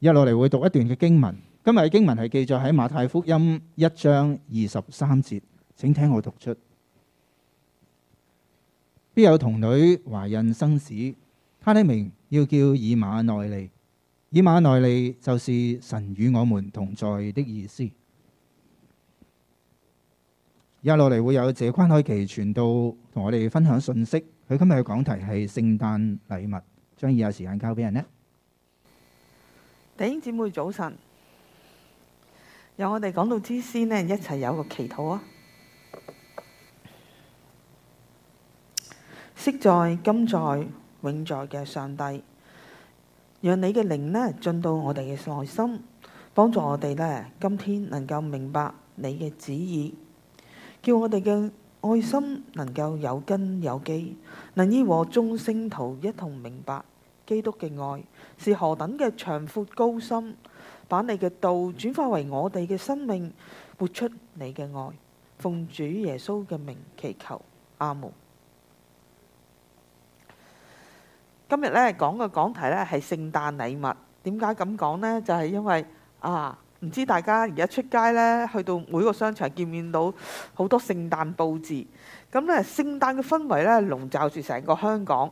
一落嚟會讀一段嘅經文，今日嘅經文係記載喺馬太福音一章二十三節，請聽我讀出。必有童女懷孕生子，他呢名要叫以馬內利。以馬內利就是神與我們同在的意思。一落嚟會有謝關海琪傳道同我哋分享信息，佢今日嘅講題係聖誕禮物，將以下時間交俾人咧。弟兄姊妹早晨，由我哋講到之先咧，一齊有個祈禱啊！昔在、今在、永在嘅上帝，讓你嘅靈咧進到我哋嘅內心，幫助我哋咧，今天能夠明白你嘅旨意，叫我哋嘅愛心能夠有根有基，能以和眾聖徒一同明白基督嘅愛。是何等嘅長闊高深，把你嘅道轉化為我哋嘅生命，活出你嘅愛，奉主耶穌嘅名祈求，阿門。今日咧講嘅講題咧係聖誕禮物，點解咁講呢？就係因為啊，唔知大家而家出街咧，去到每個商場見面到好多聖誕佈置，咁咧聖誕嘅氛圍咧籠罩住成個香港。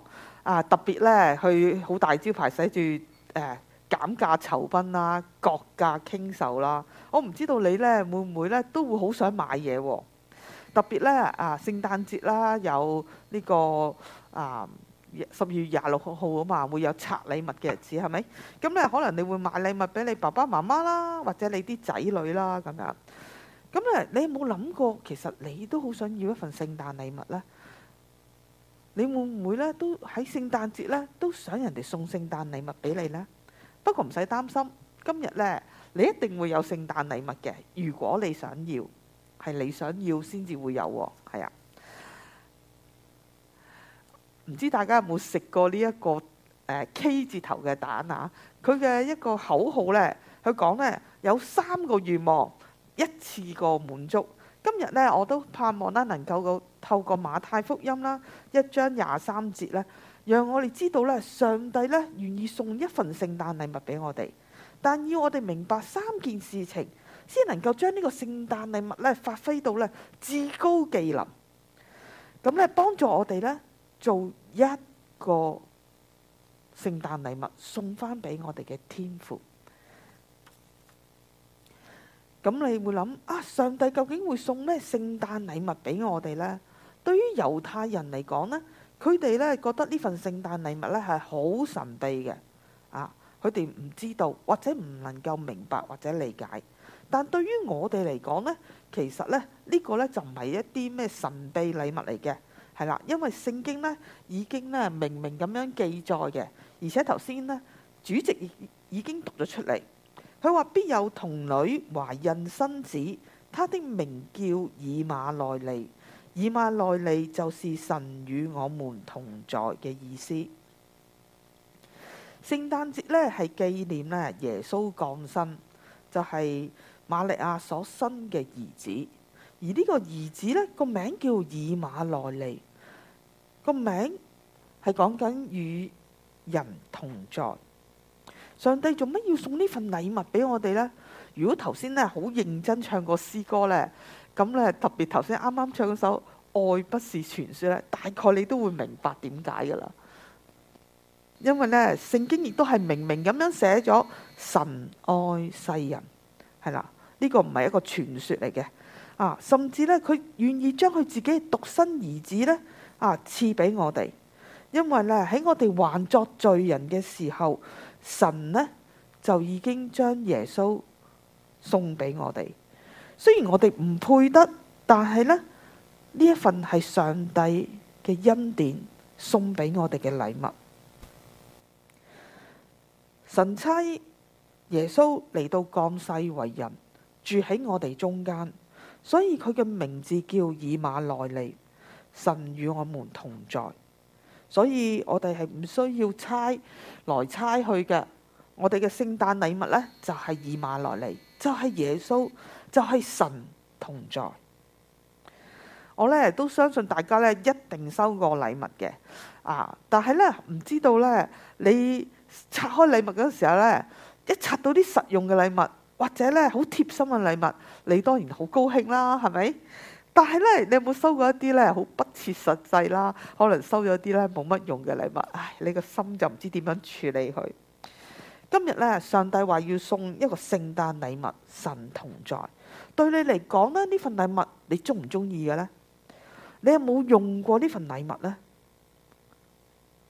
啊，特別咧，去好大招牌寫住誒、呃、減價酬賓啦、割價傾售啦，我唔知道你咧會唔會咧都會好想買嘢喎、啊。特別咧啊，聖誕節啦，有呢、這個啊十二月廿六號啊嘛，會有拆禮物嘅日子，係咪？咁、嗯、咧，可能你會買禮物俾你爸爸媽媽啦，或者你啲仔女啦咁樣。咁、嗯、咧，你有冇諗過其實你都好想要一份聖誕禮物咧？你會唔會咧？都喺聖誕節咧，都想人哋送聖誕禮物俾你咧？不過唔使擔心，今日咧，你一定會有聖誕禮物嘅。如果你想要，係你想要先至會有喎。係啊，唔知大家有冇食過呢一個誒 K 字頭嘅蛋啊？佢嘅一個口號咧，佢講咧有三個願望，一次過滿足。今日咧，我都盼望咧能夠個。透過馬太福音啦，一章廿三節呢，讓我哋知道呢，上帝呢願意送一份聖誕禮物俾我哋，但要我哋明白三件事情，先能夠將呢個聖誕禮物呢發揮到呢至高技能，咁呢，幫助我哋呢做一個聖誕禮物送翻俾我哋嘅天父。咁你會諗：「啊，上帝究竟會送咩聖誕禮物俾我哋呢？」對於猶太人嚟講呢，佢哋呢覺得呢份聖誕禮物呢係好神秘嘅，啊，佢哋唔知道或者唔能夠明白或者理解。但對於我哋嚟講呢，其實呢呢個呢就唔係一啲咩神秘禮物嚟嘅，係啦，因為聖經呢已經呢明明咁樣記載嘅，而且頭先呢主席已經讀咗出嚟，佢話必有童女懷孕生子，他的名叫以馬內利。以馬內利就是神與我們同在嘅意思。聖誕節呢係紀念呢耶穌降生，就係、是、瑪利亞所生嘅兒子。而呢個兒子呢，個名叫以馬內利，個名係講緊與人同在。上帝做乜要送呢份禮物俾我哋呢？如果頭先呢好認真唱過詩歌呢。咁咧，特別頭先啱啱唱嗰首《愛不是傳説》咧，大概你都會明白點解噶啦。因為咧，聖經亦都係明明咁樣寫咗神愛世人，係啦，呢個唔係一個傳説嚟嘅啊。甚至咧，佢願意將佢自己獨生兒子咧啊，賜俾我哋。因為咧，喺我哋還作罪人嘅時候，神呢，就已經將耶穌送俾我哋。雖然我哋唔配得，但係呢，呢一份係上帝嘅恩典送俾我哋嘅禮物。神差耶穌嚟到降世為人，住喺我哋中間，所以佢嘅名字叫以馬內利。神與我們同在，所以我哋係唔需要猜來猜去嘅。我哋嘅聖誕禮物呢，就係以馬內利，就係耶穌。就係神同在，我咧都相信大家咧一定收過禮物嘅，啊！但係咧唔知道咧，你拆開禮物嗰時候咧，一拆到啲實用嘅禮物，或者咧好貼心嘅禮物，你當然好高興啦，係咪？但係咧，你有冇收過一啲咧好不切實際啦？可能收咗啲咧冇乜用嘅禮物，唉，你個心就唔知點樣處理佢。今日咧，上帝話要送一個聖誕禮物，神同在。對你嚟講呢，呢份禮物你中唔中意嘅呢？你有冇用過呢份禮物呢？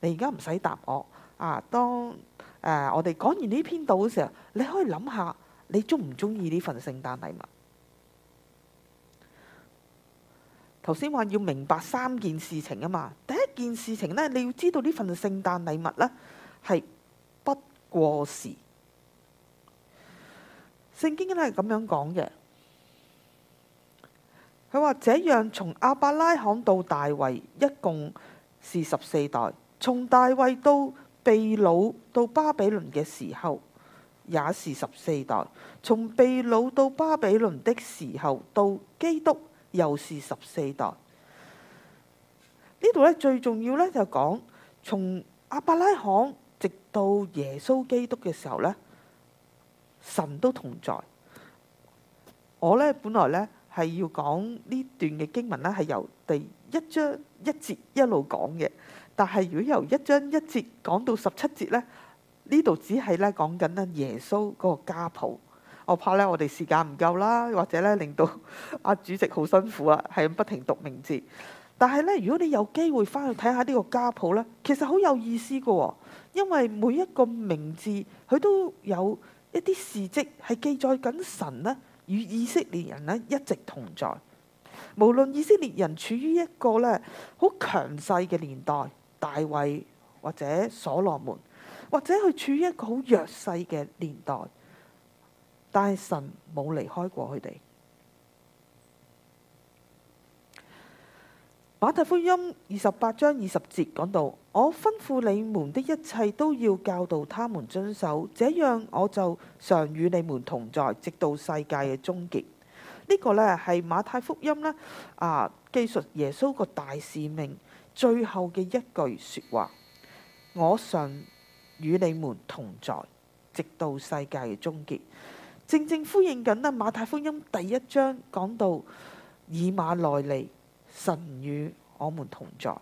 你而家唔使答我啊。當誒我哋講完呢篇道嘅時候，你可以諗下你中唔中意呢份聖誕禮物。頭先話要明白三件事情啊嘛。第一件事情呢，你要知道呢份聖誕禮物呢係不過時。聖經呢係咁樣講嘅。佢話：這樣從亞伯拉罕到大衛一共是十四代，從大衛到被擄到巴比倫嘅時候也是十四代，從被擄到巴比倫的時候到基督又是十四代。呢度咧最重要咧就講、是、從亞伯拉罕直到耶穌基督嘅時候咧，神都同在。我呢，本來呢。係要講呢段嘅經文呢，係由第一章一節一路講嘅。但係如果由一章一節講到十七節呢，呢度只係咧講緊咧耶穌嗰個家譜。我怕咧我哋時間唔夠啦，或者咧令到阿主席好辛苦啊，係咁不停讀名字。但係呢，如果你有機會翻去睇下呢個家譜呢，其實好有意思噶喎，因為每一個名字佢都有一啲事蹟係記載緊神呢與以色列人呢一直同在，無論以色列人處於一個呢好強勢嘅年代，大衛或者所羅門，或者佢處於一個好弱勢嘅年代，但係神冇離開過佢哋。馬太福音二十八章二十節講到。我吩咐你們的一切都要教導他們遵守，這樣我就常與你們同在，直到世界嘅終結。呢個咧係馬太福音啦，啊，記述耶穌個大使命最後嘅一句說話，我常與你們同在，直到世界嘅終結，正正呼應緊啦，馬太福音第一章講到以馬內利，神與我們同在。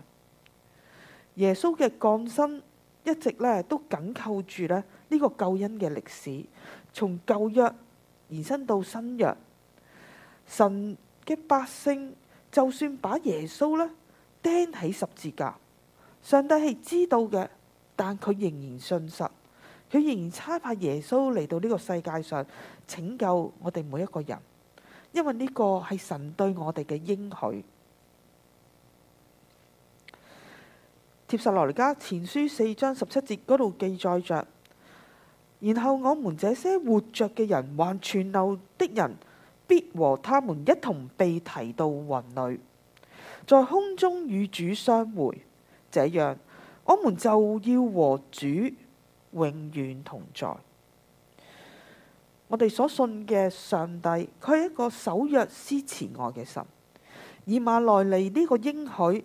耶穌嘅降生，一直咧都緊扣住咧呢、這個救恩嘅歷史，從舊約延伸到新約。神嘅百姓就算把耶穌咧釘喺十字架，上帝係知道嘅，但佢仍然信實，佢仍然差派耶穌嚟到呢個世界上拯救我哋每一個人，因為呢個係神對我哋嘅應許。貼實撒羅尼迦前書四章十七節嗰度記載着，然後我們這些活着嘅人，還存留的人，必和他們一同被提到雲裏，在空中與主相會。這樣，我們就要和主永遠同在。我哋所信嘅上帝，佢係一個守約施慈愛嘅神。以馬內利呢個應許。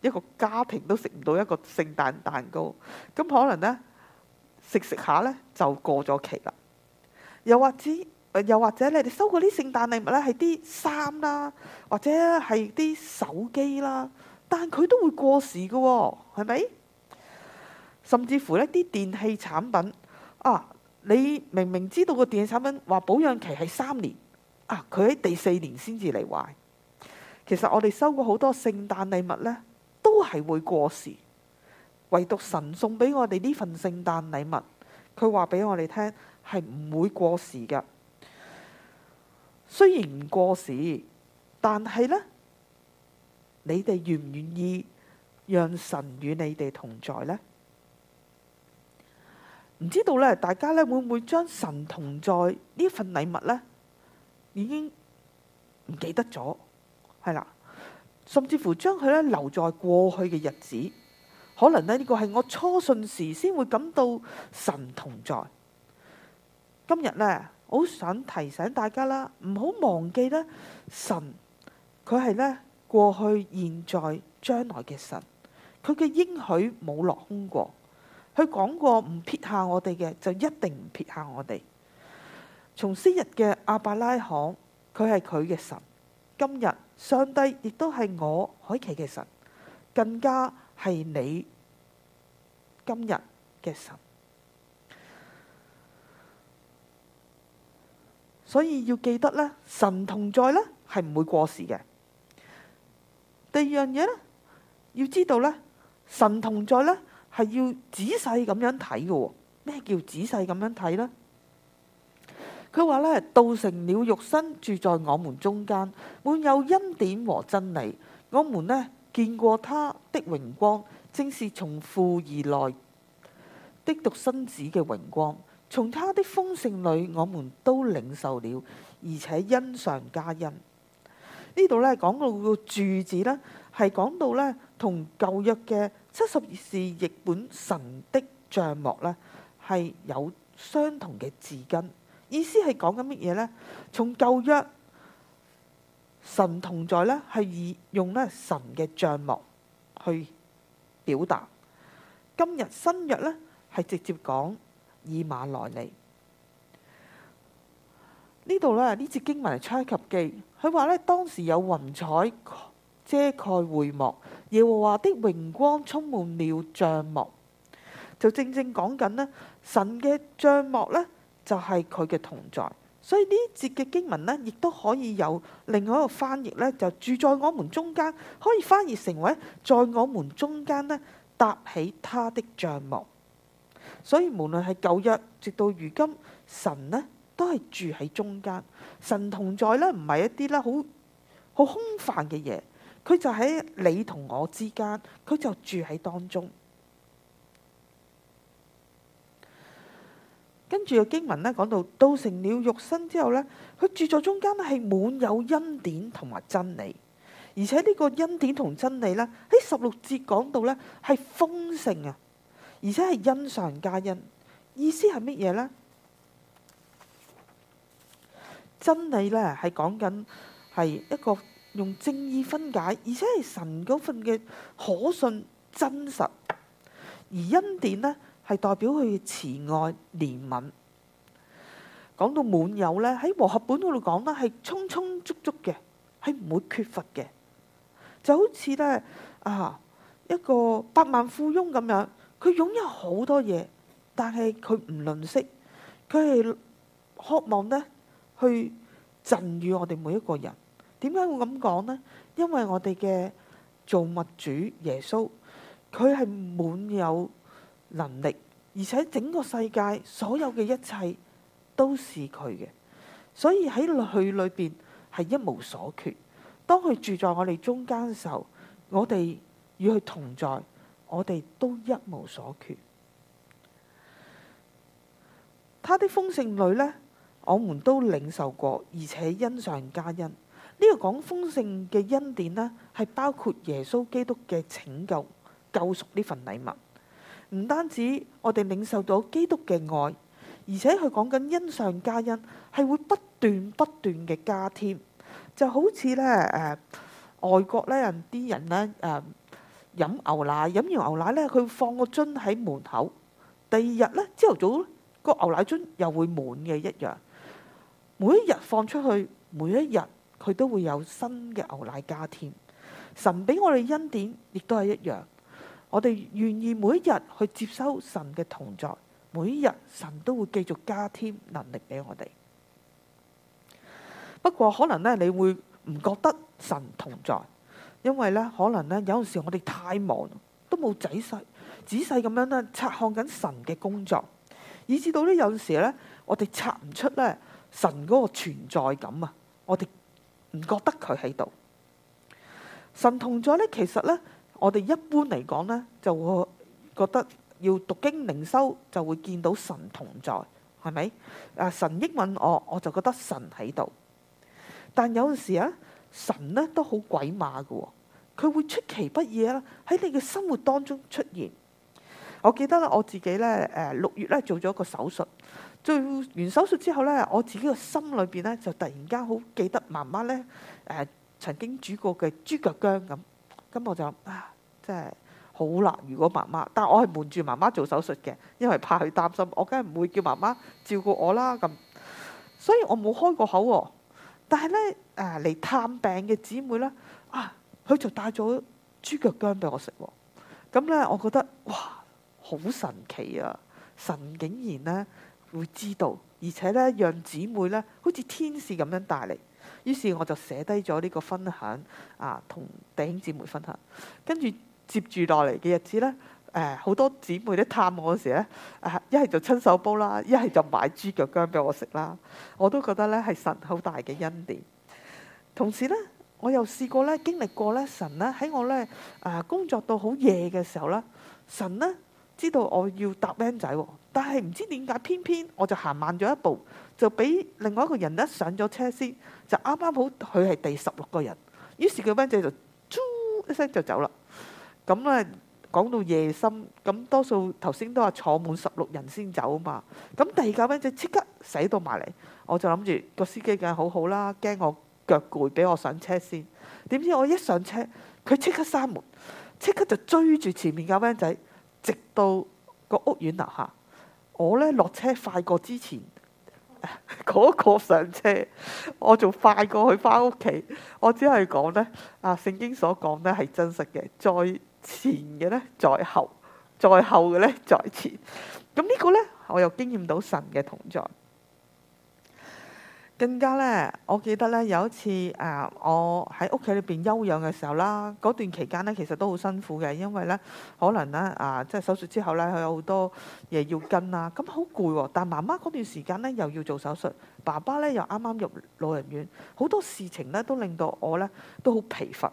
一個家庭都食唔到一個聖誕蛋，蛋糕，咁可能呢，食食下呢，就過咗期啦。又或者，又或者呢，你收過啲聖誕禮物呢，係啲衫啦，或者係啲手機啦，但佢都會過時噶喎，係咪？甚至乎呢啲電器產品啊，你明明知道個電器產品話保養期係三年啊，佢喺第四年先至嚟壞。其實我哋收過好多聖誕禮物呢。都係會過時，唯獨神送俾我哋呢份聖誕禮物，佢話俾我哋聽係唔會過時㗎。雖然唔過時，但係呢，你哋願唔願意讓神與你哋同在呢？唔知道呢，大家呢會唔會將神同在呢份禮物呢？已經唔記得咗，係啦。甚至乎將佢呢留在過去嘅日子，可能呢呢個係我初信時先會感到神同在。今日呢，好想提醒大家啦，唔好忘記呢神，佢係呢過去、現在、將來嘅神，佢嘅應許冇落空過。佢講過唔撇下我哋嘅，就一定唔撇下我哋。從昔日嘅亞伯拉罕，佢係佢嘅神。今日上帝亦都係我海琪嘅神，更加係你今日嘅神。所以要記得咧，神同在咧係唔會過時嘅。第二樣嘢咧，要知道咧，神同在咧係要仔細咁樣睇㗎喎。咩叫仔細咁樣睇呢？佢話咧，道成了肉身，住在我們中間，滿有恩典和真理。我們咧見過他的榮光，正是從父而來的獨生子嘅榮光。從他的豐盛裏，我們都領受了，而且恩上加恩。呢度咧講到個住字咧，係講到咧同舊約嘅七十士譯本神的帳幕咧係有相同嘅字根。意思係講緊乜嘢呢？從舊約，神同在呢，係以用呢神嘅帳幕去表達。今日新約呢，係直接講以馬內利。呢度呢呢節經文係出埃及記，佢話呢，當時有雲彩遮蓋會幕，耶和華的榮光充滿了帳幕，就正正講緊呢神嘅帳幕呢。就係佢嘅同在，所以呢節嘅經文呢，亦都可以有另外一個翻譯呢，就是，住在我們中間，可以翻譯成為在我們中間呢搭起他的帳幕。所以無論係舊約直到如今，神呢都係住喺中間。神同在呢，唔係一啲呢好好空泛嘅嘢，佢就喺你同我之間，佢就住喺當中。跟住嘅經文咧講到，到成了肉身之後咧，佢住在中間咧係滿有恩典同埋真理，而且呢個恩典同真理咧喺十六節講到咧係豐盛啊，而且係恩上加恩，意思係乜嘢咧？真理咧係講緊係一個用正義分解，而且係神嗰份嘅可信真實，而恩典咧，係代表佢慈愛憐憫。講到滿有呢，喺和合本嗰度講呢，係充充足足嘅，係唔會缺乏嘅。就好似咧啊，一個百萬富翁咁樣，佢擁有好多嘢，但係佢唔吝嗇，佢係渴望呢去贈予我哋每一個人。點解會咁講呢？因為我哋嘅造物主耶穌，佢係滿有能力，而且整個世界所有嘅一切都是佢嘅，所以喺佢裏邊係一無所缺。當佢住在我哋中間嘅時候，我哋與佢同在，我哋都一無所缺。他的豐盛裏呢，我們都領受過，而且恩上加恩。呢個講豐盛嘅恩典呢，係包括耶穌基督嘅拯救救贖呢份禮物。唔單止我哋領受到基督嘅愛，而且佢講緊恩上加恩，係會不斷不斷嘅加添，就好似咧誒外國咧人啲人咧誒飲牛奶，飲完牛奶咧佢放個樽喺門口，第二日咧朝頭早咧個牛奶樽又會滿嘅一樣，每一日放出去，每一日佢都會有新嘅牛奶加添，神俾我哋恩典亦都係一樣。我哋願意每一日去接收神嘅同在，每一日神都會繼續加添能力俾我哋。不過可能咧，你會唔覺得神同在，因為咧可能咧有陣時我哋太忙，都冇仔細仔細咁樣咧察看緊神嘅工作，以至到呢，有陣時咧我哋察唔出咧神嗰個存在感啊，我哋唔覺得佢喺度。神同在咧，其實咧。我哋一般嚟講咧，就會覺得要讀經靈修就會見到神同在，係咪？啊，神應允我，我就覺得神喺度。但有陣時啊，神咧都好鬼馬㗎喎，佢會出其不意啊喺你嘅生活當中出現。我記得啦，我自己咧誒六月咧做咗個手術，做完手術之後咧，我自己個心裏邊咧就突然間好記得媽媽咧誒曾經煮過嘅豬腳薑咁。咁我就啊，真係好難。如果媽媽，但我係瞞住媽媽做手術嘅，因為怕佢擔心，我梗係唔會叫媽媽照顧我啦。咁，所以我冇開過口，哦。但係咧，誒嚟探病嘅姊妹咧，啊，佢、啊、就帶咗豬腳薑俾我食，哦。咁咧，我覺得哇，好神奇啊！神竟然咧會知道，而且咧讓姊妹咧好似天使咁樣帶嚟。於是我就寫低咗呢個分享啊，同弟兄姊妹分享。跟住接住落嚟嘅日子呢，誒、呃、好多姊妹都探我時呢，一、啊、係就親手煲啦，一係就買豬腳薑俾我食啦。我都覺得呢係神好大嘅恩典。同時呢，我又試過呢，經歷過呢，神呢喺我呢啊、呃、工作到好夜嘅時候呢，神呢知道我要搭 van 仔，但係唔知點解偏偏我就行慢咗一步。就俾另外一個人一上咗車先，就啱啱好佢係第十六個人。於是個 van 仔就「啾」，一聲就走啦。咁呢講到夜深，咁、嗯、多數頭先都話坐滿十六人先走嘛。咁、嗯、第二架 van 仔即刻駛到埋嚟，我就諗住個司機梗係好好啦，驚我腳攰，俾我上車先。點知我一上車，佢即刻閂門，即刻就追住前面架 van 仔，直到個屋苑樓下。我呢，落車快過之前。嗰個 上車，我仲快過去翻屋企。我只係講咧啊，聖經所講咧係真實嘅，在前嘅咧，在後，在後嘅咧，在前。咁呢個咧，我又經驗到神嘅同在。更加咧，我記得咧有一次，誒、呃、我喺屋企裏邊休養嘅時候啦，嗰段期間咧其實都好辛苦嘅，因為咧可能咧啊、呃，即係手術之後咧，佢有好多嘢要跟啦，咁好攰喎。但係媽媽嗰段時間咧，又要做手術，爸爸咧又啱啱入老人院，好多事情咧都令到我咧都好疲乏。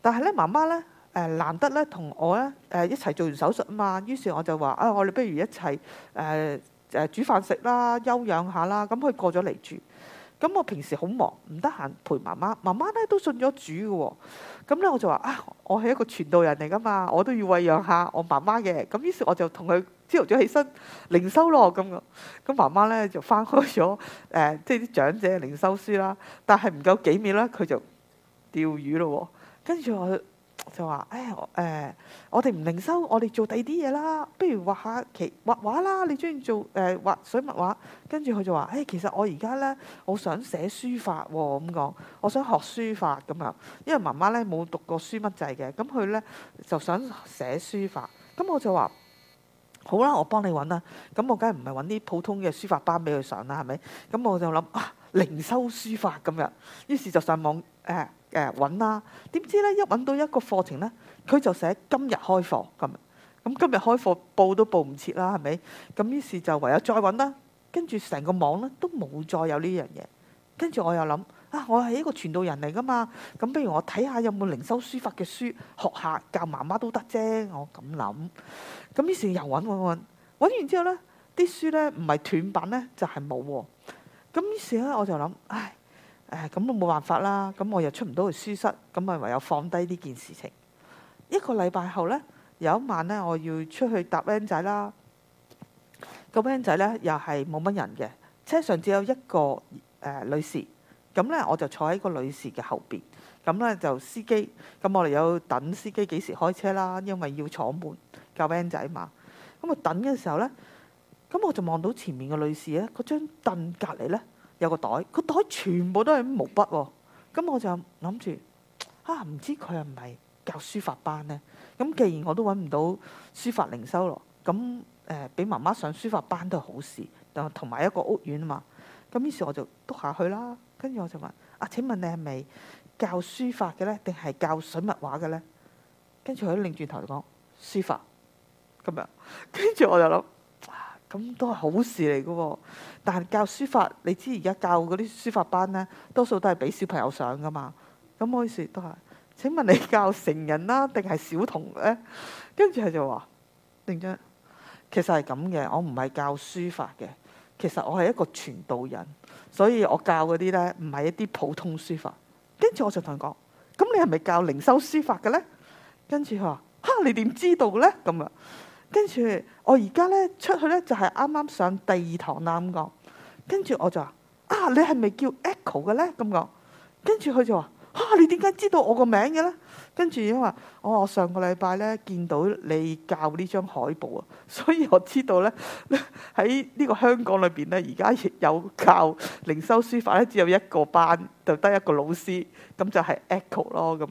但係咧，媽媽咧誒，難得咧同我咧誒、呃、一齊做完手術啊嘛，於是我就話啊，我、哎、哋不如一齊誒。呃誒煮飯食啦，休養下啦，咁佢過咗嚟住。咁我平時好忙，唔得閒陪媽媽。媽媽咧都信咗主嘅，咁咧我就話啊，我係一個傳道人嚟噶嘛，我都要餵養下我媽媽嘅。咁於是我就同佢朝早起身靈修咯，咁咁媽媽咧就翻開咗誒，即係啲長者靈修書啦。但係唔夠幾秒咧，佢就釣魚咯。跟住我。就話誒，誒、哎，我哋唔、呃、零修，我哋做第二啲嘢啦。不如畫下其畫畫啦，你中意做誒畫、呃、水墨畫。跟住佢就話，誒、哎，其實我而家咧，我想寫書法、哦，咁講，我想學書法咁啊。因為媽媽咧冇讀過書乜滯嘅，咁佢咧就想寫書法。咁我就話好啦，我幫你搵啦。咁我梗係唔係搵啲普通嘅書法班俾佢上啦，係咪？咁我就諗啊，零修書法咁樣，於是就上網。誒誒揾啦，點、哎哎啊、知咧一揾到一個課程咧，佢就寫今、今日開課咁，咁今日開課報都報唔切啦，係咪？咁於是就唯有再揾啦、啊，跟住成個網咧都冇再有呢樣嘢。跟住我又諗啊，我係一個傳道人嚟㗎嘛，咁不如我睇下有冇靈修書法嘅書學下教媽媽都得啫，我咁諗。咁於是又揾揾揾，揾完之後咧啲書咧唔係斷版咧就係冇喎。咁於是咧我就諗，唉。誒咁都冇辦法啦，咁、嗯、我又出唔到去書室，咁咪唯有放低呢件事情。一個禮拜後呢，有一晚呢，我要出去搭 van 仔啦。個 van 仔呢，又係冇乜人嘅，車上只有一個誒、呃、女士，咁呢，我就坐喺個女士嘅後邊。咁呢，就司機，咁我哋有等司機幾時開車啦，因為要坐滿個 van 仔嘛。咁啊等嘅時候呢，咁我就望到前面嘅女士呢，嗰張凳隔離呢。有個袋，個袋全部都係毛筆喎、哦。咁我就諗住，啊，唔知佢係咪教書法班呢？咁既然我都揾唔到書法零收咯，咁誒俾媽媽上書法班都係好事。但同埋一個屋苑啊嘛，咁於是我就篤下去啦。跟住我就問：啊，請問你係咪教書法嘅呢？定係教水墨畫嘅呢？」跟住佢都擰轉頭就講：書法咁樣。跟住我就諗。咁都係好事嚟嘅、哦，但係教書法，你知而家教嗰啲書法班呢，多數都係俾小朋友上㗎嘛。咁，我意思都係，請問你教成人啦、啊，定係小童呢？跟住佢就話：，定真。其實係咁嘅，我唔係教書法嘅，其實我係一個傳道人，所以我教嗰啲呢，唔係一啲普通書法。跟住我就同佢講：，咁你係咪教靈修書法嘅呢？」跟住佢話：，嚇，你點知道呢？」咁啊。跟住我而家咧，出去咧，就係啱啱上第二堂啦，咁講，跟住我就話啊，你係咪叫 Echo 嘅咧？咁講，跟住佢就話啊，你點解、e 啊、知道我個名嘅咧？跟住，因為我上個禮拜咧，見到你教呢張海報啊，所以我知道咧，喺呢個香港裏邊咧，而家有教靈修書法咧，只有一個班，就得一個老師，咁就係 Echo 咯咁。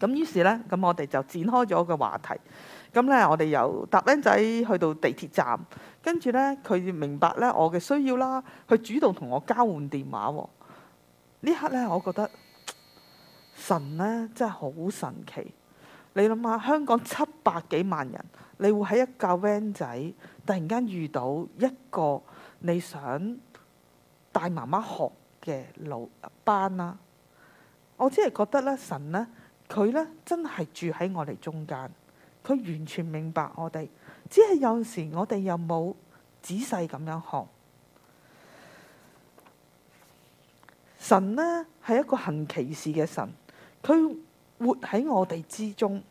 咁於是咧，咁我哋就展開咗個話題。咁咧，我哋由搭 van 仔去到地鐵站，跟住咧，佢明白咧我嘅需要啦，佢主動同我交換電話、哦。刻呢刻咧，我覺得神咧真係好神奇。你諗下，香港七百幾萬人，你會喺一架 van 仔突然間遇到一個你想帶媽媽學嘅老班啦、啊。我只係覺得咧，神咧佢咧真係住喺我哋中間。佢完全明白我哋，只係有時我哋又冇仔細咁樣看。神呢係一個行奇事嘅神，佢活喺我哋之中，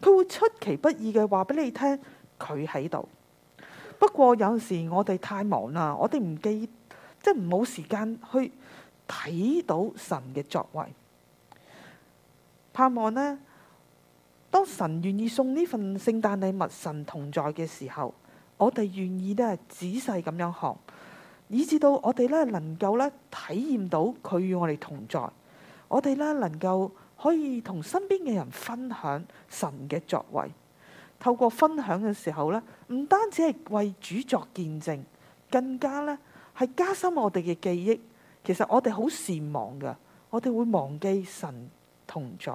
佢會出其不意嘅話俾你聽，佢喺度。不過有陣時我哋太忙啦，我哋唔記，即係冇時間去睇到神嘅作為。盼望呢。當神願意送呢份聖誕禮物，神同在嘅時候，我哋願意呢仔細咁樣學，以至到我哋呢能夠呢體驗到佢與我哋同在，我哋呢能夠可以同身邊嘅人分享神嘅作為。透過分享嘅時候呢，唔單止係為主作見證，更加呢係加深我哋嘅記憶。其實我哋好善忘㗎，我哋會忘記神同在。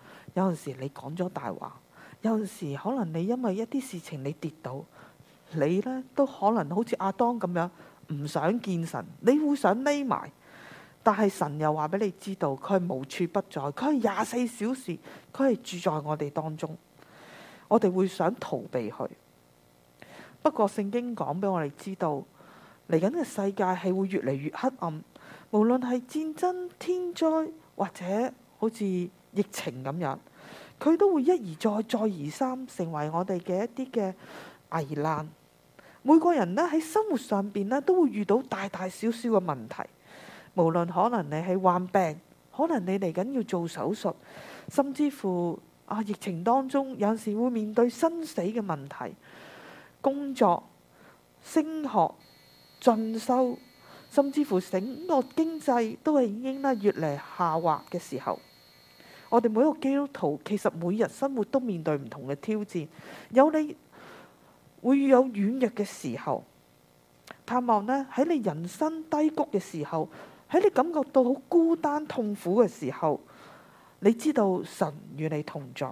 有陣時你講咗大話，有陣時可能你因為一啲事情你跌倒，你呢都可能好似阿當咁樣唔想見神，你會想匿埋。但係神又話俾你知道，佢係無處不在，佢係廿四小時，佢係住在我哋當中。我哋會想逃避佢，不過聖經講俾我哋知道，嚟緊嘅世界係會越嚟越黑暗。無論係戰爭、天災或者好似……疫情咁樣，佢都會一而再、再而三成為我哋嘅一啲嘅危難。每個人呢喺生活上邊呢都會遇到大大小小嘅問題，無論可能你係患病，可能你嚟緊要做手術，甚至乎啊，疫情當中有時會面對生死嘅問題。工作、升學、進修，甚至乎整個經濟都係已經呢越嚟下滑嘅時候。我哋每一個基督徒，其實每日生活都面對唔同嘅挑戰，有你會有軟弱嘅時候，盼望呢喺你人生低谷嘅時候，喺你感覺到好孤單、痛苦嘅時候，你知道神與你同在，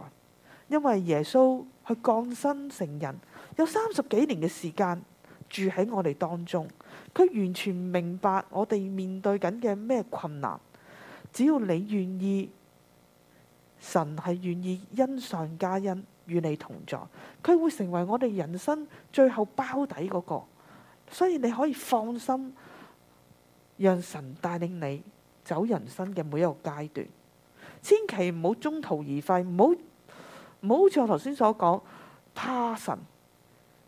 因為耶穌去降生成人，有三十幾年嘅時間住喺我哋當中，佢完全唔明白我哋面對緊嘅咩困難。只要你願意。神係願意恩上加恩與你同在，佢會成為我哋人生最後包底嗰個，所以你可以放心，讓神帶領你走人生嘅每一個階段，千祈唔好中途而廢，唔好唔好，好似我頭先所講，怕神，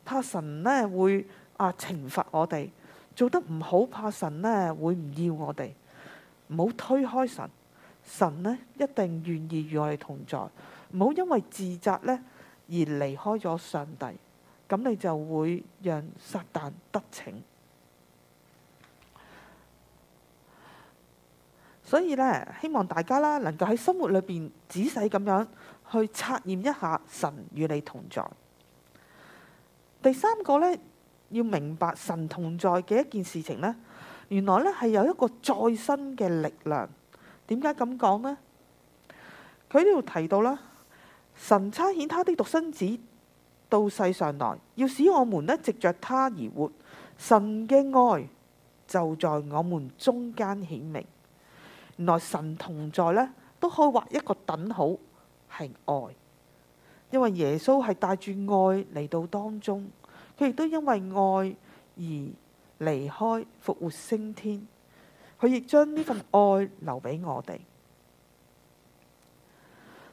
怕神咧會啊懲罰我哋做得唔好，怕神咧會唔要我哋，唔好推開神。神呢一定願意與我哋同在，唔好因為自責呢而離開咗上帝，咁你就會讓撒旦得逞。所以呢，希望大家啦能夠喺生活裏邊仔細咁樣去測驗一下神與你同在。第三個呢，要明白神同在嘅一件事情呢，原來呢係有一個再生嘅力量。點解咁講呢？佢呢度提到啦，神差遣他的獨生子到世上來，要使我們呢藉着他而活。神嘅愛就在我們中間顯明。原來神同在呢，都可以畫一個等號係愛，因為耶穌係帶住愛嚟到當中，佢亦都因為愛而離開復活升天。佢亦將呢份愛留俾我哋，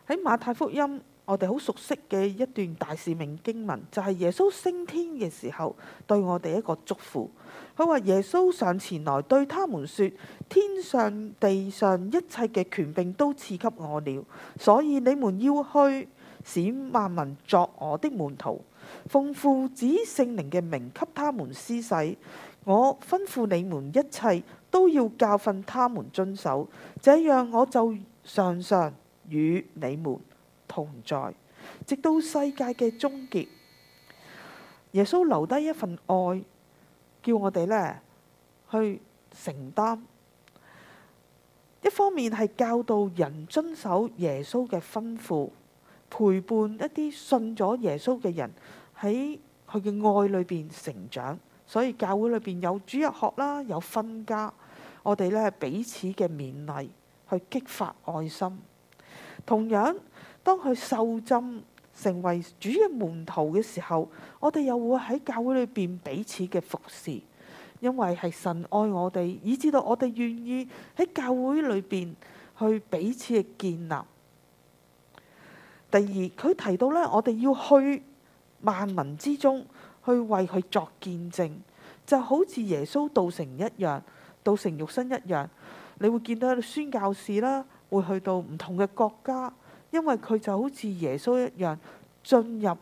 喺馬太福音，我哋好熟悉嘅一段大使命經文，就係耶穌升天嘅時候對我哋一個祝福。佢話：耶穌上前來對他們說，天上地上一切嘅權柄都賜給我了，所以你們要去，使萬民作我的門徒，奉父子聖靈嘅名給他們施洗。我吩咐你們一切，都要教訓他們遵守，這樣我就常常與你們同在，直到世界嘅終結。耶穌留低一份愛，叫我哋呢去承擔。一方面係教導人遵守耶穌嘅吩咐，陪伴一啲信咗耶穌嘅人喺佢嘅愛裏邊成長。所以教會裏邊有主日學啦，有分家，我哋呢彼此嘅勉勵，去激發愛心。同樣，當佢受浸成為主嘅門徒嘅時候，我哋又會喺教會裏邊彼此嘅服侍，因為係神愛我哋，以至到我哋願意喺教會裏邊去彼此嘅建立。第二，佢提到呢，我哋要去萬民之中。去為佢作見證，就好似耶穌道成一樣，道成肉身一樣。你會見到宣教士啦，會去到唔同嘅國家，因為佢就好似耶穌一樣，進入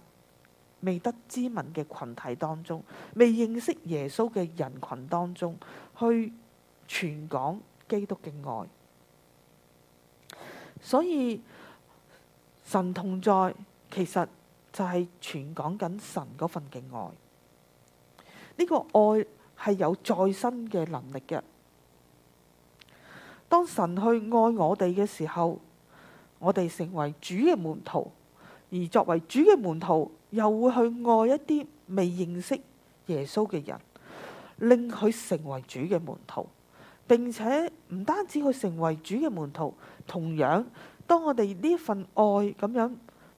未得之民嘅群體當中，未認識耶穌嘅人群當中，去傳講基督嘅愛。所以神同在，其實。就係傳講緊神嗰份嘅愛，呢個愛係有再生嘅能力嘅。當神去愛我哋嘅時候，我哋成為主嘅門徒，而作為主嘅門徒，又會去愛一啲未認識耶穌嘅人，令佢成為主嘅門徒，並且唔單止佢成為主嘅門徒，同樣當我哋呢份愛咁樣。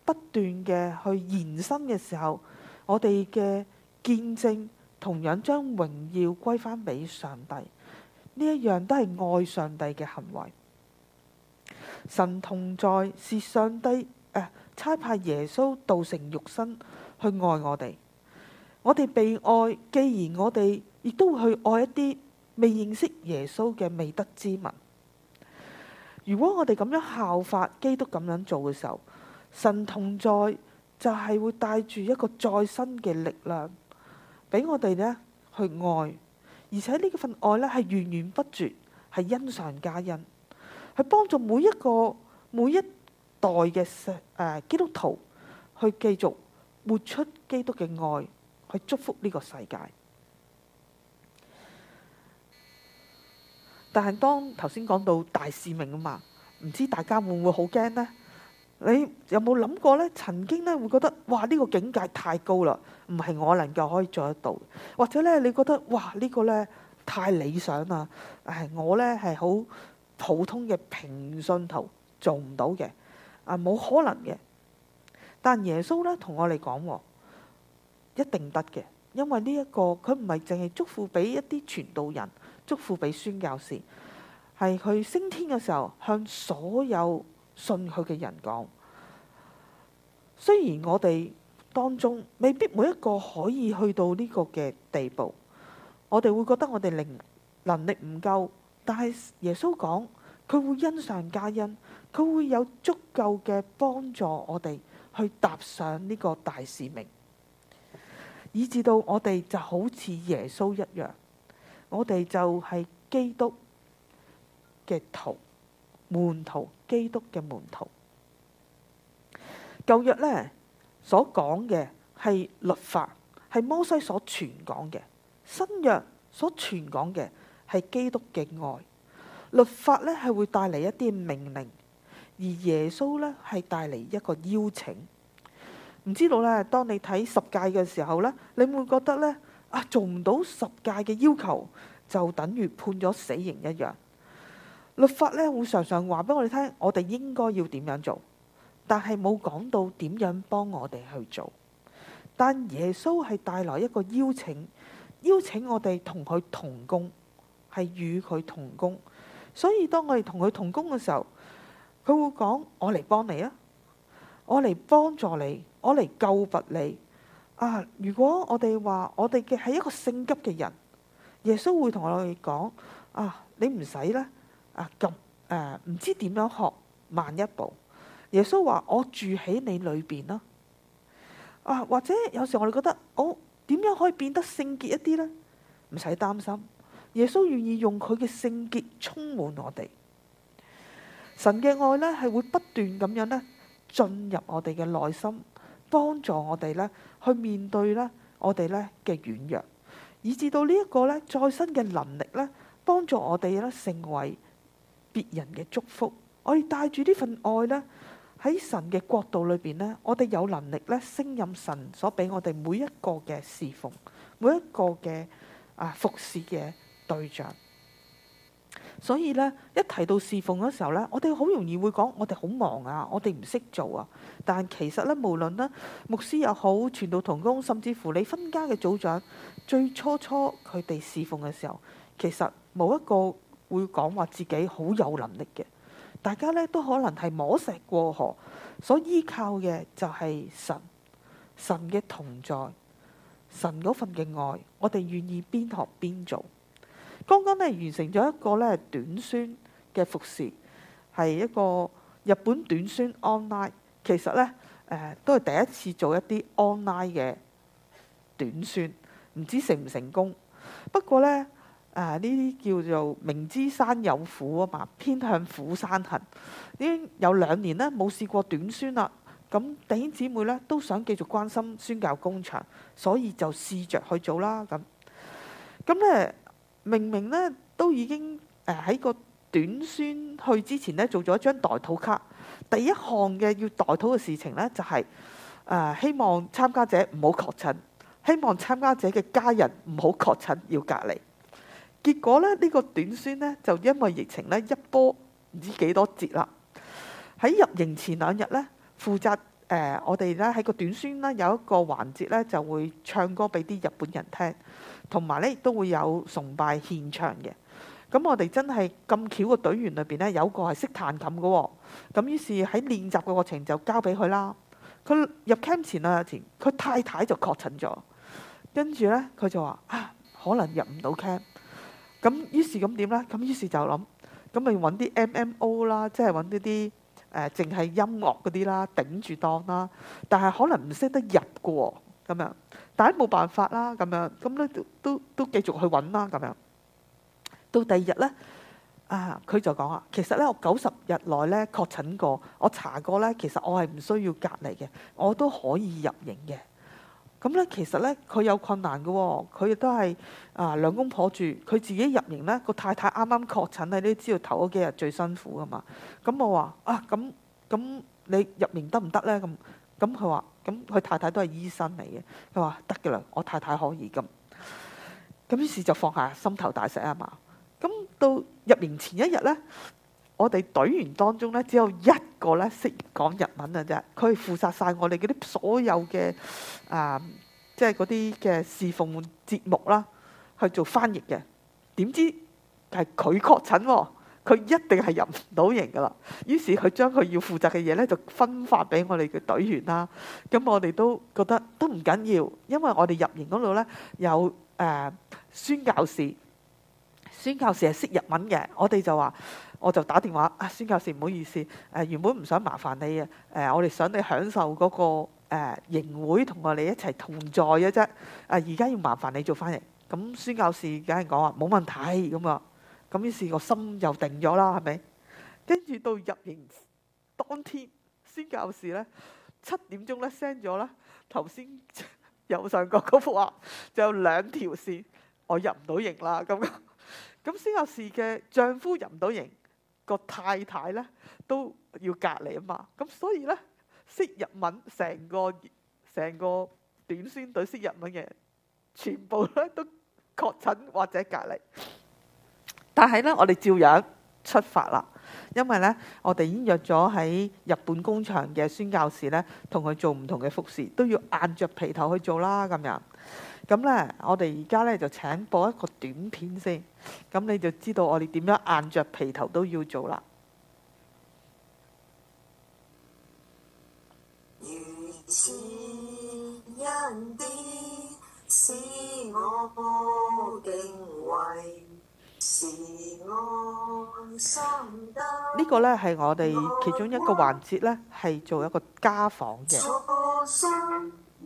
不斷嘅去延伸嘅時候，我哋嘅見證同樣將榮耀歸返俾上帝。呢一樣都係愛上帝嘅行為。神同在，是上帝誒差、呃、派耶穌道成肉身去愛我哋。我哋被愛，既然我哋亦都會去愛一啲未認識耶穌嘅未得之民。如果我哋咁樣效法基督咁樣做嘅時候，神同在就係、是、會帶住一個再生嘅力量俾我哋呢去愛，而且呢份愛呢係源源不絕，係恩上加恩，係幫助每一個每一代嘅、呃、基督徒去繼續活出基督嘅愛，去祝福呢個世界。但係當頭先講到大使命啊嘛，唔知大家會唔會好驚呢？你有冇諗過咧？曾經咧會覺得哇，呢個境界太高啦，唔係我能夠可以做得到，或者咧你覺得哇，呢個呢太理想啦，哎，我呢係好普通嘅平信徒做唔到嘅啊，冇可能嘅。但耶穌呢同我哋講，一定得嘅，因為呢一個佢唔係淨係祝福俾一啲傳道人，祝福俾宣教士，係佢升天嘅時候向所有信佢嘅人講，雖然我哋當中未必每一個可以去到呢個嘅地步，我哋會覺得我哋靈能力唔夠，但係耶穌講，佢會恩上加恩，佢會有足夠嘅幫助我哋去踏上呢個大使命，以至到我哋就好似耶穌一樣，我哋就係基督嘅徒。門徒，基督嘅門徒。舊約呢所講嘅係律法，係摩西所傳講嘅；新約所傳講嘅係基督嘅愛。律法呢係會帶嚟一啲命令，而耶穌呢係帶嚟一個邀請。唔知道呢，當你睇十誡嘅時候呢，你會覺得呢，啊，做唔到十誡嘅要求，就等於判咗死刑一樣。律法咧會常常話俾我哋聽，我哋應該要點樣做，但係冇講到點樣幫我哋去做。但耶穌係帶來一個邀請，邀請我哋同佢同工，係與佢同工。所以當我哋同佢同工嘅時候，佢會講：我嚟幫你啊，我嚟幫助你，我嚟救拔你。啊，如果我哋話我哋嘅係一個性急嘅人，耶穌會同我哋講：啊，你唔使啦。啊咁誒，唔知點樣學？慢一步。耶穌話：我住喺你裏邊咯。啊，或者有時我哋覺得，我、哦、點樣可以變得聖潔一啲呢？唔使擔心，耶穌願意用佢嘅聖潔充滿我哋。神嘅愛咧，係會不斷咁樣咧進入我哋嘅內心，幫助我哋咧去面對咧我哋咧嘅軟弱，以至到呢一個咧再生嘅能力咧，幫助我哋咧成為別人嘅祝福，我哋帶住呢份愛咧，喺神嘅國度裏邊咧，我哋有能力咧，勝任神所俾我哋每一個嘅侍奉，每一個嘅啊服侍嘅對象。所以咧，一提到侍奉嗰時候咧，我哋好容易會講，我哋好忙啊，我哋唔識做啊。但係其實咧，無論咧牧師又好，傳道同工，甚至乎你分家嘅組長，最初初佢哋侍奉嘅時候，其實冇一個。會講話自己好有能力嘅，大家呢都可能係摸石過河，所依靠嘅就係神，神嘅同在，神嗰份嘅愛，我哋願意邊學邊做。剛剛呢完成咗一個呢短宣嘅服侍，係一個日本短宣 online，其實呢，呃，都係第一次做一啲 online 嘅短宣，唔知成唔成功。不過呢。啊！呢啲叫做明知山有虎啊嘛，偏向虎山行。已經有兩年咧，冇試過短宣啦。咁弟兄姊妹呢，都想繼續關心宣教工場，所以就試着去做啦。咁咁咧，明明呢，都已經誒喺、呃、個短宣去之前呢，做咗張代禱卡。第一項嘅要代禱嘅事情呢，就係誒希望參加者唔好確診，希望參加者嘅家人唔好確診，要隔離。結果咧，呢、這個短宣呢，就因為疫情呢一波唔知幾多折啦。喺入營前兩日呢，負責誒、呃、我哋咧喺個短宣啦有一個環節呢，就會唱歌俾啲日本人聽，同埋咧都會有崇拜獻唱嘅。咁我哋真係咁巧個隊員裏邊呢，有個係識彈琴嘅喎、哦。咁於是喺練習嘅過程就交俾佢啦。佢入 camp 前兩日前，佢太太就確診咗，跟住呢，佢就話啊，可能入唔到 camp。咁於是咁點呢？咁於是就諗，咁咪揾啲 MMO 啦，即係揾呢啲誒，淨係音樂嗰啲啦，頂住檔啦。但係可能唔識得入嘅喎，咁樣，但係冇辦法啦，咁樣，咁咧都都都繼續去揾啦，咁樣。到第二日呢，啊，佢就講啊，其實呢，我九十日內呢確診過，我查過呢，其實我係唔需要隔離嘅，我都可以入營嘅。咁咧，其實咧，佢有困難嘅、哦，佢亦都係啊兩公婆住，佢自己入營咧，個太太啱啱確診，你都知道頭嗰幾日最辛苦啊嘛。咁我話啊，咁咁你入營得唔得咧？咁咁佢話，咁佢太太都係醫生嚟嘅，佢話得嘅啦，我太太可以咁。咁於是就放下心頭大石啊嘛。咁到入營前一日咧。我哋隊員當中咧，只有一個咧識講日文嘅啫，佢負責晒我哋嗰啲所有嘅啊、呃，即係嗰啲嘅侍奉節目啦，去做翻譯嘅。點知係佢確診，佢一定係入唔到營噶啦。於是佢將佢要負責嘅嘢咧，就分發俾我哋嘅隊員啦。咁、嗯、我哋都覺得都唔緊要，要，因為我哋入營嗰度咧有誒宣、呃、教士。宣教士係識，識日文嘅。我哋就話。我就打電話啊，孫教士唔好意思，誒、啊、原本唔想麻煩你嘅，誒、呃、我哋想你享受嗰、那個誒營、呃、會同我哋一齊同在嘅啫。誒而家要麻煩你做翻譯，咁、啊、孫教士梗係講話冇問題咁啊。咁於是個心又定咗啦，係咪？跟住到入營當天，孫教士咧七點鐘咧 send 咗啦。頭先右上角嗰幅畫，就有兩條線，我入唔到營啦咁樣。咁 孫、啊、 教士嘅丈夫入唔到營。個太太咧都要隔離啊嘛，咁所以咧識日文成個成個短宣隊識，識日文嘅人，全部咧都確診或者隔離，但係咧我哋照樣出發啦，因為咧我哋已經約咗喺日本工場嘅宣教士咧，同佢做唔同嘅服侍，都要硬着皮頭去做啦，咁樣。咁呢，我哋而家呢就請播一個短片先，咁你就知道我哋點樣硬着皮頭都要做啦。呢個呢係我哋其中一個環節呢，係做一個家訪嘅。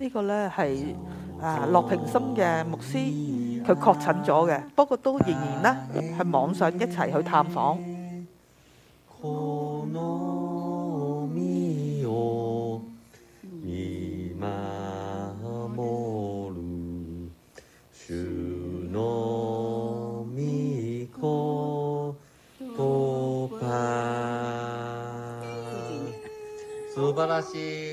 呢個咧係啊樂平心嘅牧師，佢確診咗嘅，不過都仍然呢喺網上一齊去探訪。嗯。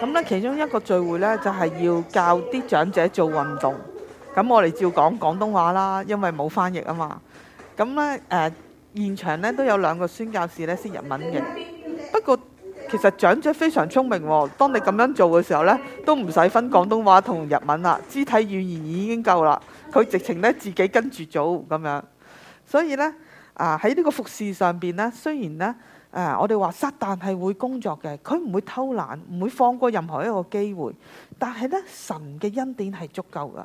咁咧，其中一個聚會咧，就係、是、要教啲長者做運動。咁我哋照講廣東話啦，因為冇翻譯啊嘛。咁咧，誒、呃、現場咧都有兩個宣教士咧識日文嘅。不過其實長者非常聰明喎、啊，當你咁樣做嘅時候咧，都唔使分廣東話同日文啦，肢體語言已經夠啦。佢直情咧自己跟住做咁樣，所以咧啊喺呢個服侍上邊咧，雖然咧。誒，uh, 我哋話撒但係會工作嘅，佢唔會偷懶，唔會放過任何一個機會。但係咧，神嘅恩典係足夠噶。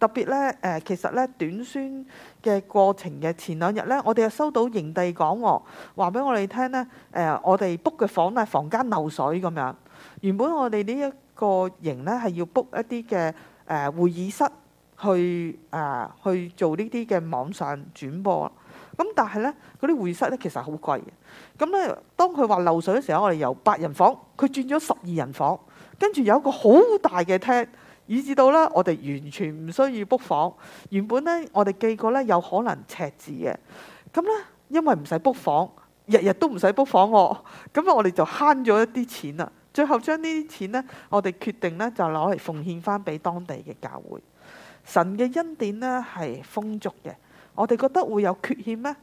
特別咧，誒、呃，其實咧短宣嘅過程嘅前兩日咧，我哋又收到營地講話，話俾我哋聽咧，誒、呃，我哋 book 嘅房係，房間漏水咁樣。原本我哋呢一個營咧係要 book 一啲嘅誒會議室去啊、呃、去做呢啲嘅網上轉播。咁但係呢，嗰啲會議室呢，其實好貴嘅。咁呢，當佢話漏水嘅時候，我哋由八人房，佢轉咗十二人房，跟住有一個好大嘅廳，以至到呢，我哋完全唔需要 book 房。原本呢，我哋寄過呢，有可能赤字嘅。咁呢，因為唔使 book 房，日日都唔使 book 房，哦、我，咁啊，我哋就慳咗一啲錢啦。最後將呢啲錢呢，我哋決定呢，就攞嚟奉獻翻俾當地嘅教會。神嘅恩典呢，係豐足嘅。我哋覺得會有缺陷咩？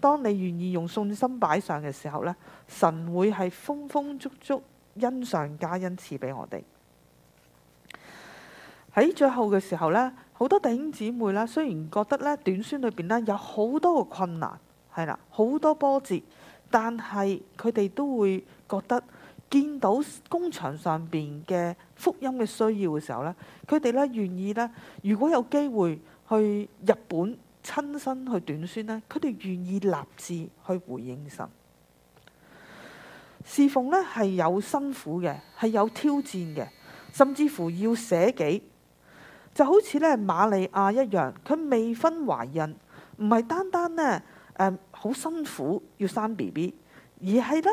當你願意用信心擺上嘅時候呢，神會係豐豐足足恩上加恩賜俾我哋。喺最後嘅時候呢，好多弟兄姊妹啦，雖然覺得呢短宣裏邊呢有好多嘅困難，係啦，好多波折，但係佢哋都會覺得見到工場上邊嘅福音嘅需要嘅時候呢，佢哋呢願意呢，如果有機會去日本，親身去短宣呢，佢哋願意立志去回應神，侍奉呢係有辛苦嘅，係有挑戰嘅，甚至乎要捨己，就好似呢瑪利亞一樣，佢未婚懷孕，唔係單單呢誒、好、嗯、辛苦要生 B B，而係呢，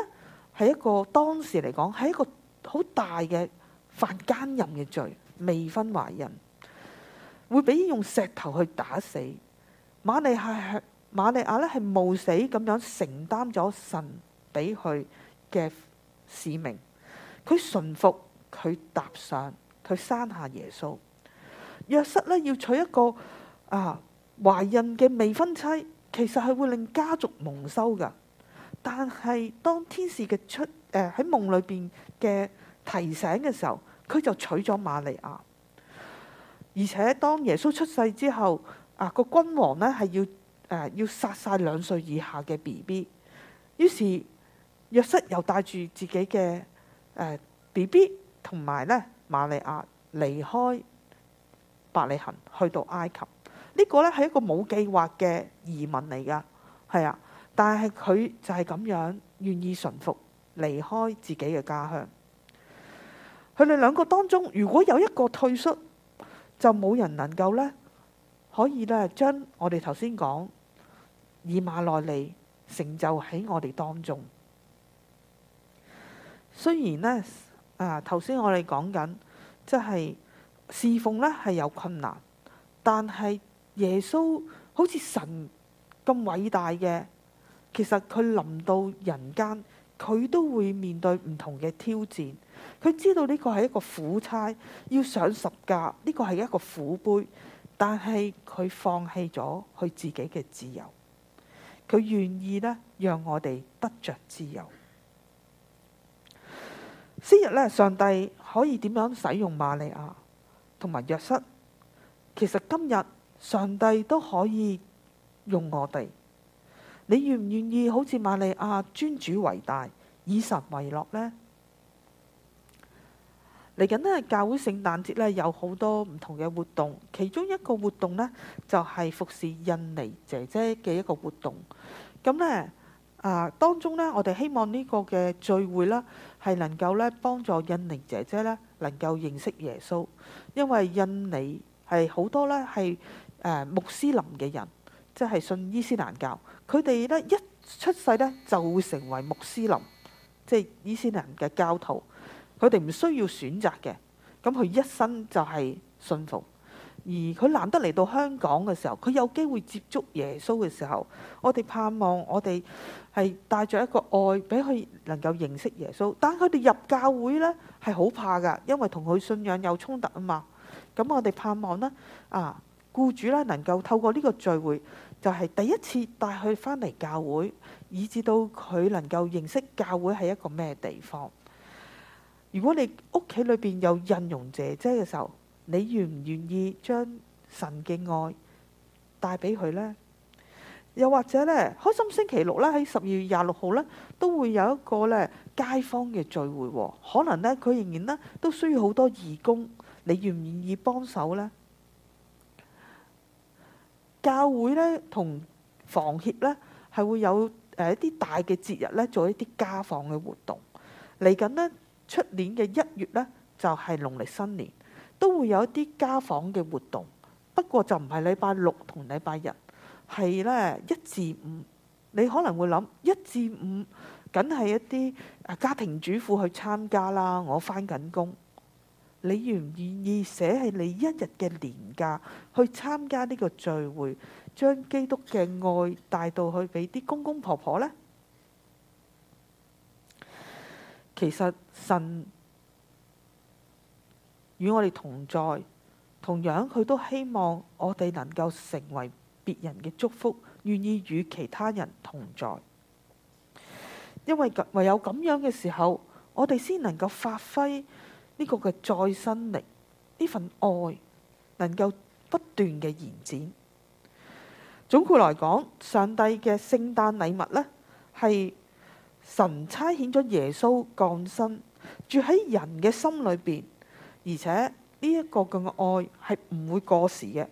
係一個當時嚟講係一個好大嘅犯姦淫嘅罪，未婚懷孕會俾用石頭去打死。瑪利亞係瑪利亞咧，係冒死咁樣承擔咗神俾佢嘅使命。佢順服，佢搭上佢生下耶穌。約瑟呢，要娶一個啊懷孕嘅未婚妻，其實係會令家族蒙羞噶。但係當天使嘅出誒喺夢裏邊嘅提醒嘅時候，佢就娶咗瑪利亞。而且當耶穌出世之後。啊！個君王呢係要誒、呃、要殺晒兩歲以下嘅 B B，於是約瑟又帶住自己嘅誒 B B 同埋咧瑪利亞離開伯利恆，去到埃及。呢個呢係一個冇計劃嘅移民嚟噶，係啊！但係佢就係咁樣願意順服離開自己嘅家鄉。佢哋兩個當中，如果有一個退縮，就冇人能夠呢。可以咧，將我哋頭先講以馬內利成就喺我哋當中。雖然呢，啊頭先我哋講緊即係侍奉呢係有困難，但係耶穌好似神咁偉大嘅，其實佢臨到人間，佢都會面對唔同嘅挑戰。佢知道呢個係一個苦差，要上十架，呢個係一個苦杯。但係佢放棄咗佢自己嘅自由，佢願意呢，讓我哋得着自由。昔日呢，上帝可以點樣使用瑪利亞同埋約瑟，其實今日上帝都可以用我哋。你願唔願意好似瑪利亞尊主為大，以神為樂呢？嚟緊呢，教會聖誕節呢，有好多唔同嘅活動，其中一個活動呢，就係、是、服侍印尼姐姐嘅一個活動。咁呢，啊、呃，當中呢，我哋希望呢個嘅聚會啦，係能夠呢，幫助印尼姐姐呢，能夠認識耶穌，因為印尼係好多呢，係誒、呃、穆斯林嘅人，即係信伊斯蘭教，佢哋呢，一出世呢，就會成為穆斯林，即係伊斯蘭嘅教徒。佢哋唔需要選擇嘅，咁佢一生就係信奉。而佢難得嚟到香港嘅時候，佢有機會接觸耶穌嘅時候，我哋盼望我哋係帶着一個愛，俾佢能夠認識耶穌。但佢哋入教會呢係好怕㗎，因為同佢信仰有衝突啊嘛。咁我哋盼望呢啊，僱主呢能夠透過呢個聚會，就係、是、第一次帶佢返嚟教會，以至到佢能夠認識教會係一個咩地方。如果你屋企裏邊有印傭姐姐嘅時候，你願唔願意將神嘅愛帶俾佢呢？又或者呢，開心星期六啦，喺十二月廿六號呢，都會有一個呢街坊嘅聚會，哦，可能呢，佢仍然呢都需要好多義工，你願唔願意幫手呢？教會呢同房協呢係會有誒一啲大嘅節日呢做一啲家訪嘅活動，嚟緊呢。出年嘅一月呢，就係農曆新年，都會有一啲家訪嘅活動。不過就唔係禮拜六同禮拜日，係呢一至五。你可能會諗一至五，梗係一啲家庭主婦去參加啦。我返緊工，你願唔願意寫係你一日嘅年假去參加呢個聚會，將基督嘅愛帶到去俾啲公公婆婆呢？其實神與我哋同在，同樣佢都希望我哋能夠成為別人嘅祝福，願意與其他人同在。因為唯有咁樣嘅時候，我哋先能夠發揮呢個嘅再生力，呢份愛能夠不斷嘅延展。總括嚟講，上帝嘅聖誕禮物呢係。神差遣咗耶穌降生，住喺人嘅心裏邊，而且呢一個咁嘅愛係唔會過時嘅，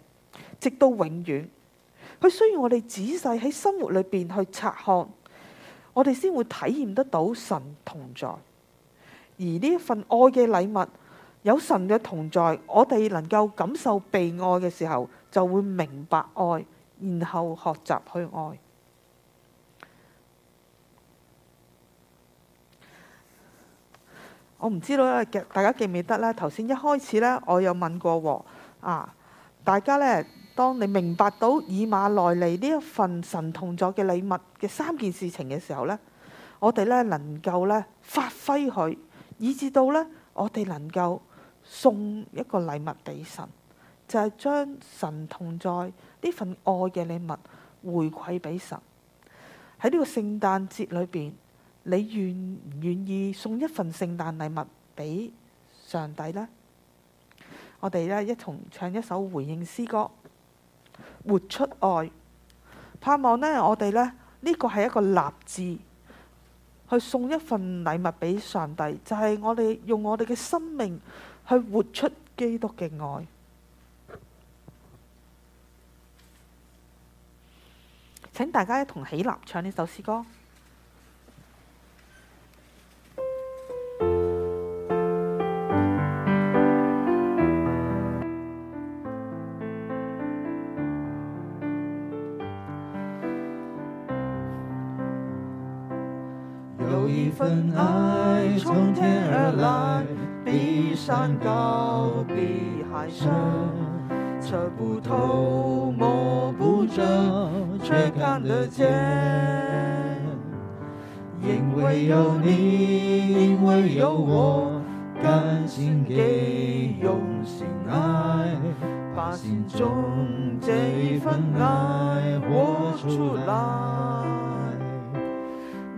直到永遠。佢需要我哋仔細喺生活裏邊去察看，我哋先會體驗得到神同在。而呢一份愛嘅禮物，有神嘅同在，我哋能夠感受被愛嘅時候，就會明白愛，然後學習去愛。我唔知道大家記唔記得呢。頭先一開始呢，我有問過喎，啊，大家呢，當你明白到以馬內利呢一份神同在嘅禮物嘅三件事情嘅時候呢，我哋呢能夠呢發揮佢，以至到呢，我哋能夠送一個禮物俾神，就係將神同在呢份愛嘅禮物回饋俾神。喺呢個聖誕節裏邊。你願唔願意送一份聖誕禮物俾上帝呢？我哋呢一同唱一首回應詩歌，活出愛，盼望呢我哋呢呢個係一個立志去送一份禮物俾上帝，就係我哋用我哋嘅生命去活出基督嘅愛。請大家一同起立唱呢首詩歌。份愛從天而來，比山高比海深，測不透摸不着，卻看得見。 因為有你，因為有我，甘心給用心愛，把心中這一份愛活出來。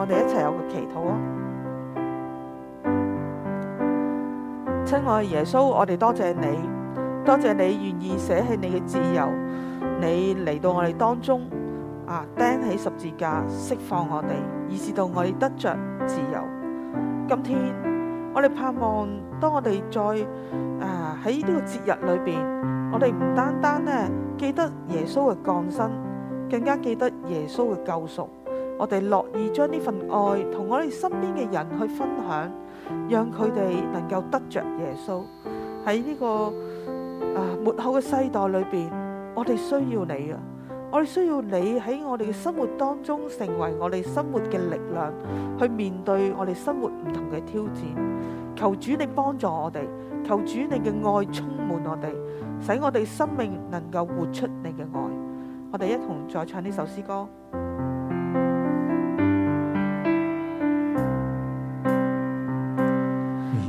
我哋一齊有個祈禱啊，親愛耶穌，我哋多謝你，多謝你願意捨棄你嘅自由，你嚟到我哋當中啊，釘起十字架，釋放我哋，以致到我哋得着自由。今天我哋盼望，當我哋再啊喺呢個節日裏邊，我哋唔單單呢記得耶穌嘅降生，更加記得耶穌嘅救贖。我哋樂意將呢份愛同我哋身邊嘅人去分享，讓佢哋能夠得着耶穌。喺呢個啊末後嘅世代裏邊，我哋需要你啊！我哋需要你喺我哋嘅生活當中，成為我哋生活嘅力量，去面對我哋生活唔同嘅挑戰。求主你幫助我哋，求主你嘅愛充滿我哋，使我哋生命能夠活出你嘅愛。我哋一同再唱呢首詩歌。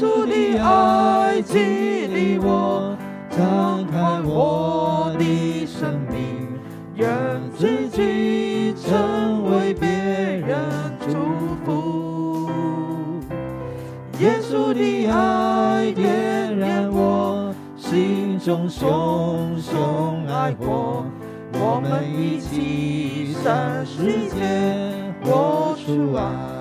耶穌的愛激勵我敞開我的生命，讓自己成為別人祝福。耶穌的愛點燃我心中熊熊愛火，我們一起向世界活出愛。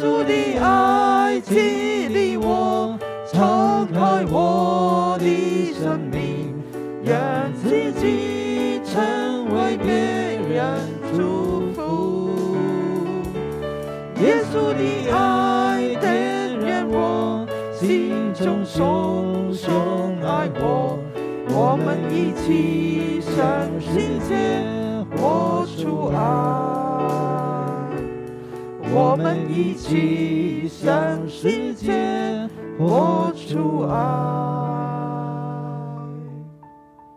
耶穌的愛激勵我敞開我的生命，讓自己成為別人祝福。耶穌的愛點燃我心中熊熊愛火，我們一起向世界活出愛。我們一起向世界活出愛啊。